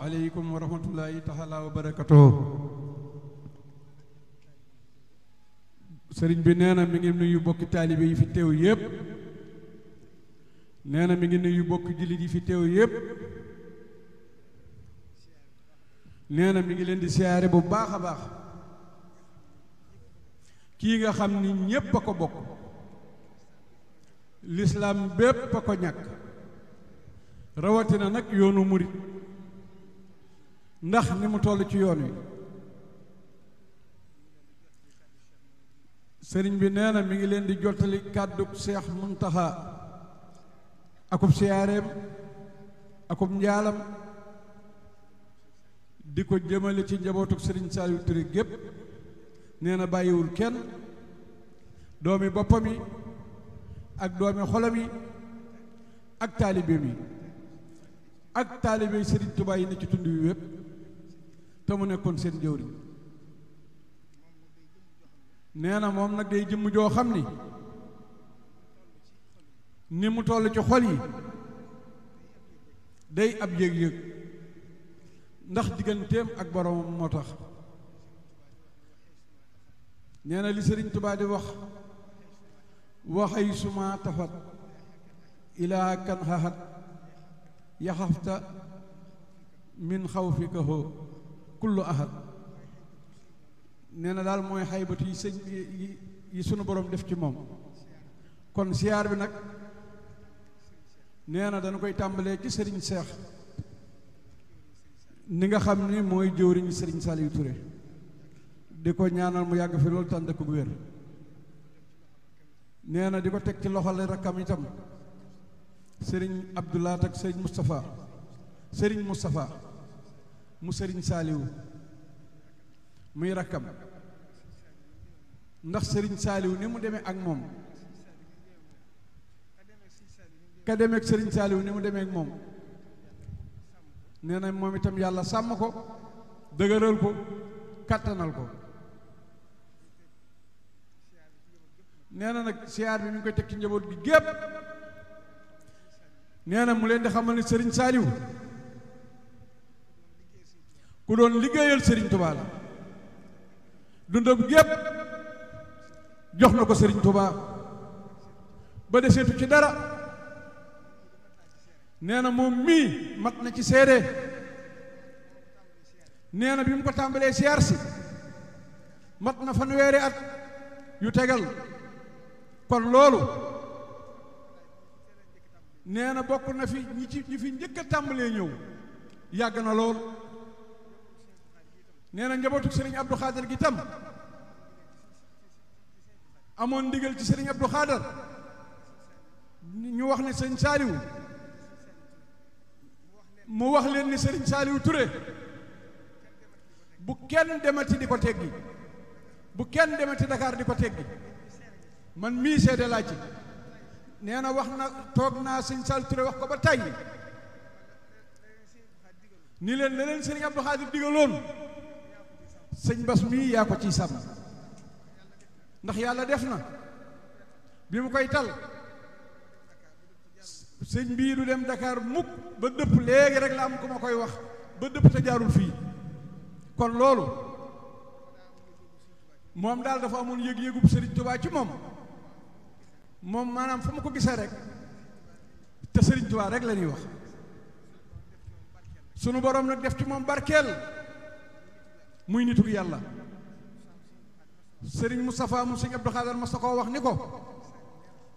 عليكم ورحمة الله تعالى وبركاته سرين بنانا مينيم من بوك طالبي في تيو ييب نانا مينغي نيو بوك جيليدي في تيو ييب نانا مينغي لين دي سياري بو باخا باخ كيغا خامني نييب باكو بوك الاسلام بيب باكو نياك rawatina nak yonu mourid ndax ni mu toll ci yoon wi sëriñ bi nee na mi ngi leen di jottali kàddug seex muntaxa akub siyaareem akub njaalam di ko jëmale ci njabootug sëriñ Saliou Touré gépp nee na bàyyiwul kenn doomi boppam yi ak doomi xolam yi ak taalibeem yi ak taalibe sëriñ Tuubaa yi ne ci tund wi wépp te mu nekkoon seen jëwriñ nee na moom nag day jëmm joo xam ni ni mu toll ci xol yi day ab yëg-yëg ndax digganteem ak boroomam moo tax nee na li sëriñ Tubaa di wax waxay suma tafat ilaa kan xaxat yaxafta min xawfika hoo kullu ahad nee na daal mooy xaybatu yi sëñ yi yi sunu borom def ci moom kon siyaar bi nag nee na dañu koy tàmbalee ci sëriñ seex ni nga xam ni mooy jëwriñ sëriñ Saliou Touré di ko ñaanal mu yàgg fi loolu tànd ko wér nee na di ko teg ci loxol rakkam itam sëriñ Abdoulaat ak sëriñ Moustapha sëriñ Moustapha mu sëriñ saaliwu muy rakkam ndax sëriñ saaliwu ni mu demee ak moom ka demee ak sëriñ saaliwu ni mu demee ak moom nee na moom itam yàlla sàmm ko dëgëral ko kattanal ko nee na nag siyaar bi mi ngi koy teg ci njaboot bi gépp nee na mu leen di xamal ni sëriñ saaliwu ku doon liggéeyal Serigne Touba la dundam gépp jox na ko sëriñ Touba ba deseetu ci dara nee na moom mii mat na ci seede nee na bi mu ko tàmbalee siyaar si mat na fanweeri at yu tegal kon loolu nee na bokk na fi ñi ci ñi fi njëkk tàmbalee ñëw yàgg na lool. nee na njabootu Serigne Abdou Khader gi tam amoon ndigal ci Serigne Abdou Khader ñu wax ne sëñ Saliou mu wax leen ni Serigne Saliou ture bu kenn demati di ko teggi bu kenn demati Dakar di ko teggi man mii seede laa ci nee na wax na toog naa sëñ Saliou Touré wax ko ba tàyyi ni leen leneen Serigne Abdou Khadir digaloon señ bas ya ya ko ci sam ndax yalla def na bi mu koy tal señ bi du dem Dakar muk ba depp legi rek la am kuma koy wax ba depp te jaarul fi kon lolu mom dal dafa amoon yeg yëgub serigne touba ci mom mom manam fam ko gisse rek te serigne touba rek lañuy wax sunu borom nak def ci mom barkel muy nitu yàlla sëriñ Moustapha mu sëriñ Abdou Khadar mas na koo wax ni ko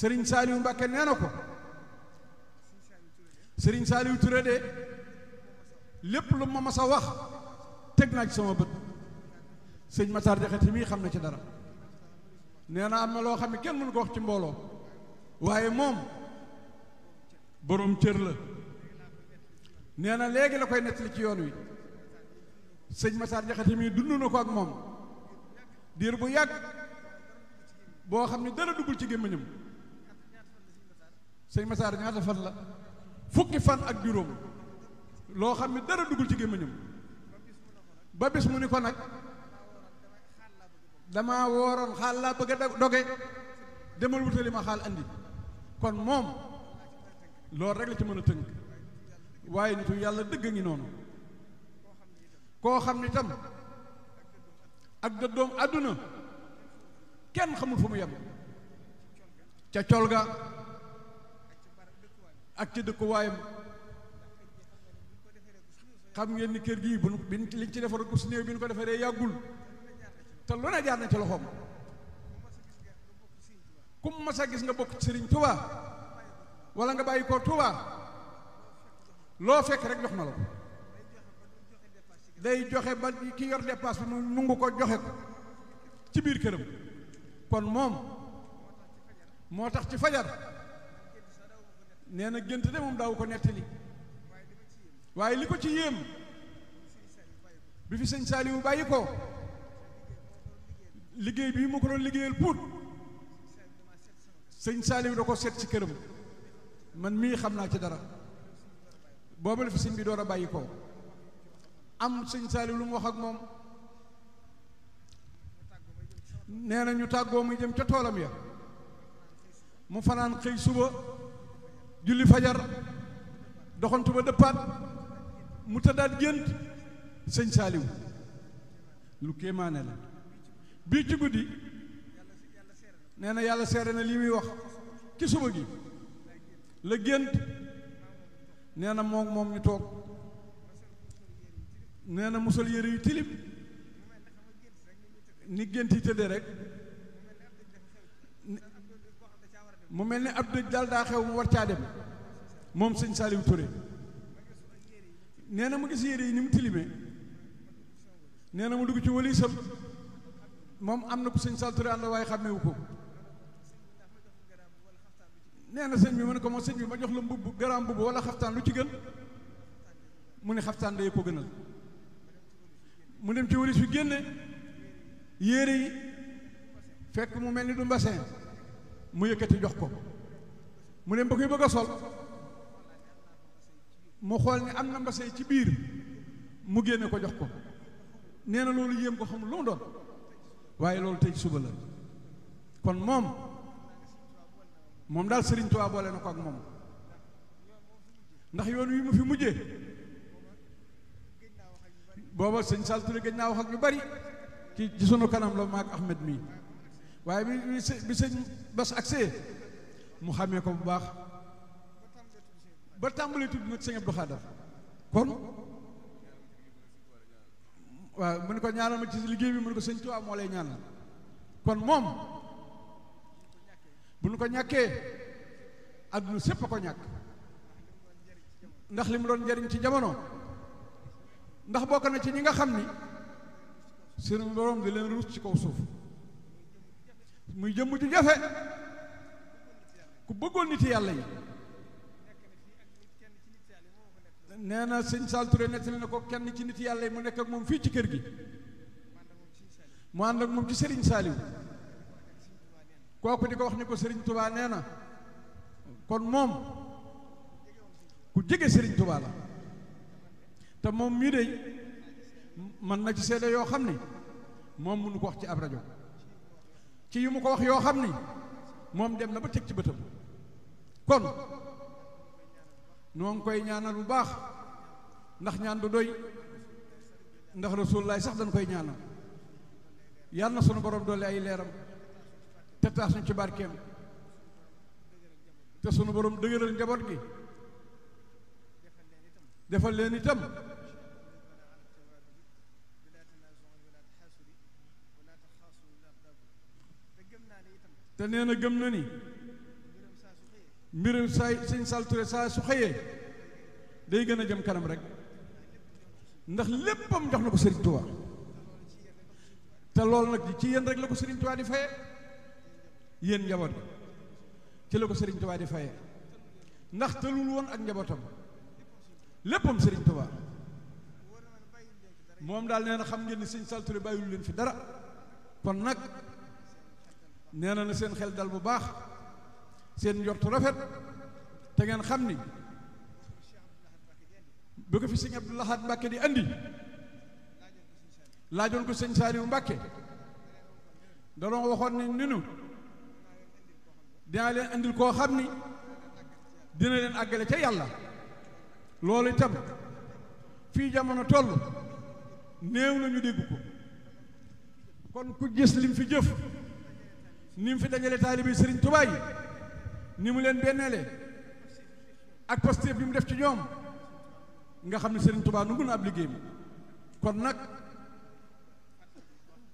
sëriñ Saliou Mbacke nee na ko sëriñ Saliou Touré de lépp lu ma mas a wax teg naa ci sama bët sëñ Matar Jaxate mii xam na ci dara nee na am na loo xam ne kenn mënu ko wax ci mbooloo waaye moom boroom cër la nee na léegi la koy nettali ci yoon wi sëñ Massar Jaxate mi dund na ko ak moom diir bu yàgg boo xam ne dara duggul ci gémmiñam sëñ Massar ñaata fan la fukki fan ak juróom loo xam ne dara duggul ci gémmiñam ba bis mu ni ko nag dama wooroon xaal laa bëgg a doge demal wutali ma xaal andi kon moom loolu rek la ci mën a tënk waaye nitu yàlla dëgg ngi noonu koo xam ni tam ak dëddoom àdduna kenn xamul fa mu yem ca col ga ak ca dëkkuwaayam xam ngeen ni kër gii bu bi liñ ci defar ko su néew bi nu ko defaree yàggul te lu ne jaar na ci loxoom ku mu gis nga bokk ci Sëriñ Tuubaa walla nga bàyyi ko Tuubaa loo fekk rek jox na la day joxe ba ki yor dépasse bi mu nungu ko joxe ko ci biir këram kon moom moo tax ci fajar nee na gént de moom daaw ko nettali waaye li ko ci yéem bi fi sëñ Saaliwu bàyyi ko liggéey bii mu ko doon liggéeyal puut sëñ Saaliwu da ko seet ci këram man mii xam naa ci dara boobu la fi sëñ bi doo a bàyyi ko am sëñ Saaliw lu mu wax ak moom nee na ñu tàggoo muy jëm ca toolam ya mu fanaan xëy suba julli fajar doxantu ba dëppaat mu tëddaat gént sëñ lu kéemaane la bii ci guddi nee na yàlla seere na lii muy wax ci suba gi la gént nee na moom moom ñu toog nee na mu sol yére yu tilim ni gént yi tëdde rek mu mel ni ab dëj daal daa xew mu war caa dem moom sëñ Saliou Touré nee na mu gis yére yi ni mu tilimee nee na mu dugg ci wëliisam moom am na ko sëñ Saliou Touré ànd waaye xàmmewu ko nee na sëñ bi mu ne ko moom sëñ bi ma jox la mbubb garaam mbubb wala xaftaan lu ci gën mu ne xaftaan day ko gënal mu dem ci walis fi génne yére yi fekk mu mel ni du mbasin mu yëkkati jox ko mu dem ba koy bëgg a sol mu xool ni am na mbasin ci biir mu génne ko jox ko nee na loolu yéem ko xamul lu mu doon waaye loolu tey suba la kon moom moom daal Sëriñ Tuubaa boole na ko ak moom ndax yoon wi mu fi mujjee booba sëñ sall Touré gëj wax ak bari ki ci sunu kanam la maag Ahmed mi waaye bi bi sëñ bas accès mu xamee ko bu baax ba tàmbalee tud nag sëñ Abdou kon waaw mu ne ko ñaanal ma ci liggéey bi mu ne ko sëñ moo lay ñaanal kon mom? bu nu ko ñàkkee aduna sépp a ko ñàkk ndax li doon ci jamono ndax bokk na ci ñi nga xam ni seen borom di leen rus ci kaw suuf muy jëmm ju jafe ku bëggoon nit yàlla yi nee na sëñ Sall Touré nettali na koo kenn ci nit yàlla yi mu nekk ak moom fii ci kër gi mu ànd ak moom ci Serigne Saliou kooku di ko wax ni ko Serigne tubaa nee na kon moom ku jege Serigne Touba la. te moom mii dey mën na ci seede yoo xam ni moom mënu ko wax ci ab rajo ci yu mu ko wax yoo xam ni moom dem na ba teg ci bëtam kon noo ngi koy ñaanal bu baax ndax ñaan du doy ndax rasulullaay sax dañ koy ñaanal yàlla na sunu borom doole ay leeram te taas ñu ci barkeem te sunu borom dëgëral njaboot gi defal leen itam te nee na gëm na ni mbirum saay sëñ salture saa su xëyee day gën a jëm kanam rek ndax léppam jox na ko Serigne Touba te loolu nag ci yéen rek la ko Serigne Touba di faye yéen njaboot bi ci la ko Serigne Touba di faye ndax tëlul woon ak njabootam léppam Serigne Touba moom daal nee na xam ngeen ni sëñ Saliou Touré bàyyiwul leen fi dara kon nag nee na na seen xel dal bu baax seen njortu rafet te ngeen xam ni bu ko fi sëñ Abdou Lahad Mbàkke di andi laajoon ko sëñ Saliou Mbàkke da doon waxoon ni ninu dinaa leen andil koo xam ni dina leen àggale ca yàlla loolu itam fii jamono toll néew na ñu dégg ko kon ku gis lim fi jëf ni mu fi dajale taalibe sëriñ Tuubaa yi ni mu leen benneele ak Pastef bi mu def ci ñoom nga xam ne sëriñ Tuubaa nungul na ab liggéey mi kon nag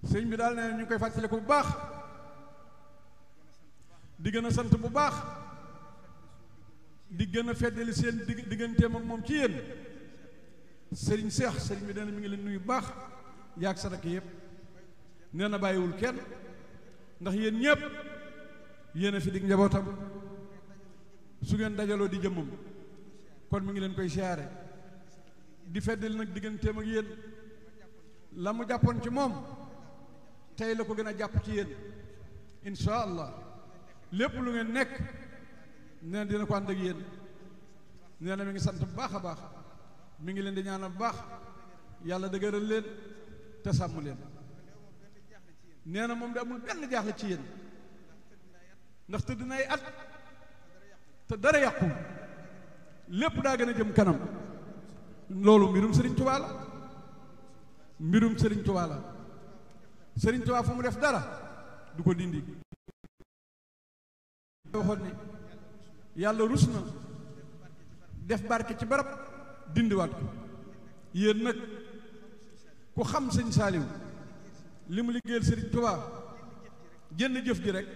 sëñ bi daal nee na ñu koy fàttale ko bu baax di gën a sant bu baax di gën a feddali seen dig digganteem ak moom ci yéen sëriñ seex sëriñ bi nee na mi ngi leen nuyu baax yaag sa rakk yëpp nee na bàyyiwul kenn ndax yéen ñëpp yéen a fi dig njabootam su ngeen dajaloo di jëmmam kon mu ngi leen koy siyaare di feddali nag digganteem ak yéen la mu jàppoon ci moom tey la ko gën a jàpp ci yéen incha allah lépp lu ngeen nekk nee na dina ko ànd ak yéen nee na mi ngi sant bu baax a baax mi ngi leen di ñaana bu baax yàlla dëgëral leen te sàmm leen nee na moom de amul benn jaaxle ci yéen ndax tëdd na at te dara yàqu lépp daa gën a jëm kanam loolu mbirum sëriñ Tuubaa la mbirum sëriñ Tuubaa la sëriñ Tuubaa fu mu def dara du ko dindi yàlla rus na def barke ci barab dindiwaat ko yéen nag ku xam sëñ saaliw li mu liggéeyal sëriñ Tuubaa jënd jëf ji rek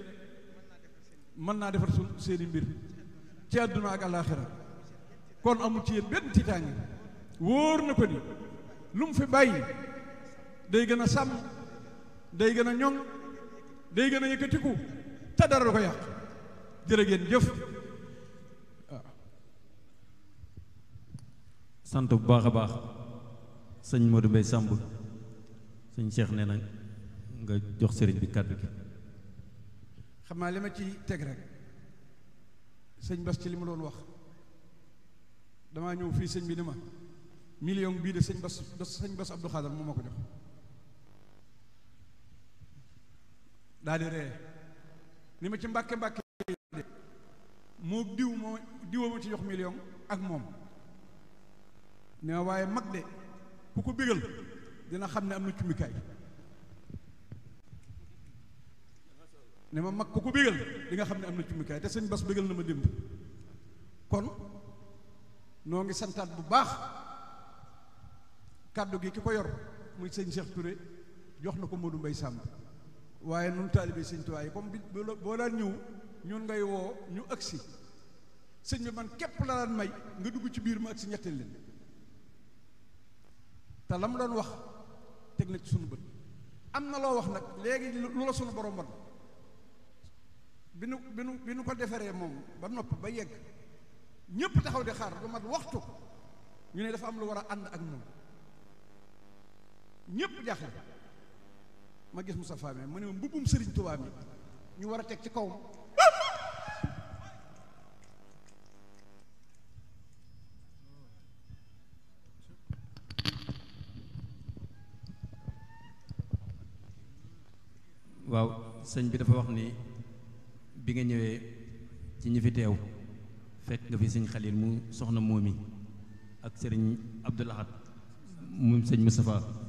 mën naa defar su seeni mbir ci àdduna ak alaaxira kon amul ci yéen benn tiitaange wóor na ko ni lu mu fi bàyyi day gën a sàmm day gën a ñoŋ day gën a yëkkatiku te dara du ko yàq jërë ngeen jëf sant bu baax a baax sëñ Modou Mbaye Samb sëñ Cheikh nee na nga jox sëriñ bi kàddu gi xam naa li ma ci teg rek sëñ Bas ci li ma doon wax damaa ñëw fii sëñ bi ni ma million bii de sëñ Bas sëñ Bas Abdou Khadre moo ma ko jox daal di ree ni ma ci mbàkke mbàkke moo diw moo diwoo ma ci jox million ak moom ne waaye mag de ku ko bigal dina xam ne am na ne ma mag ku ko bigal di nga xam ne am na te sëñ bas bigal na ma kon noo ngi santaat bu baax kàddu gi ki ko yor muy sëñ Cheikh Touré jox na ko Modou Mbaye Samb waaye nun taalibe sëñ Tuubaa yi comme bi boo daan ñëw ñun ngay woo ñu agsi sëñ bi man képp la daan may nga dugg ci biir ma agsi ñetteel leen te la mu doon wax teg na ci sunu bët am na loo wax nag léegi lu la sunu borom man bi nu bi nu ko defaree moom ba nopp ba yegg ñépp taxaw di xaar lu mat waxtu ñu ne dafa am lu war a ànd ak moom ñëpp jaaxle ma gis Moustapha mi mu ne mbubbum Sëriñ Tuubaa mi ñu war a teg ci kaw waaw sëñ bi dafa wax ni bi nga ñëwee ci ñu fi teew fekk nga fi sëñ Xalil mu soxna moomi ak sëriñ Abdul Ahad mu sëñ Moustapha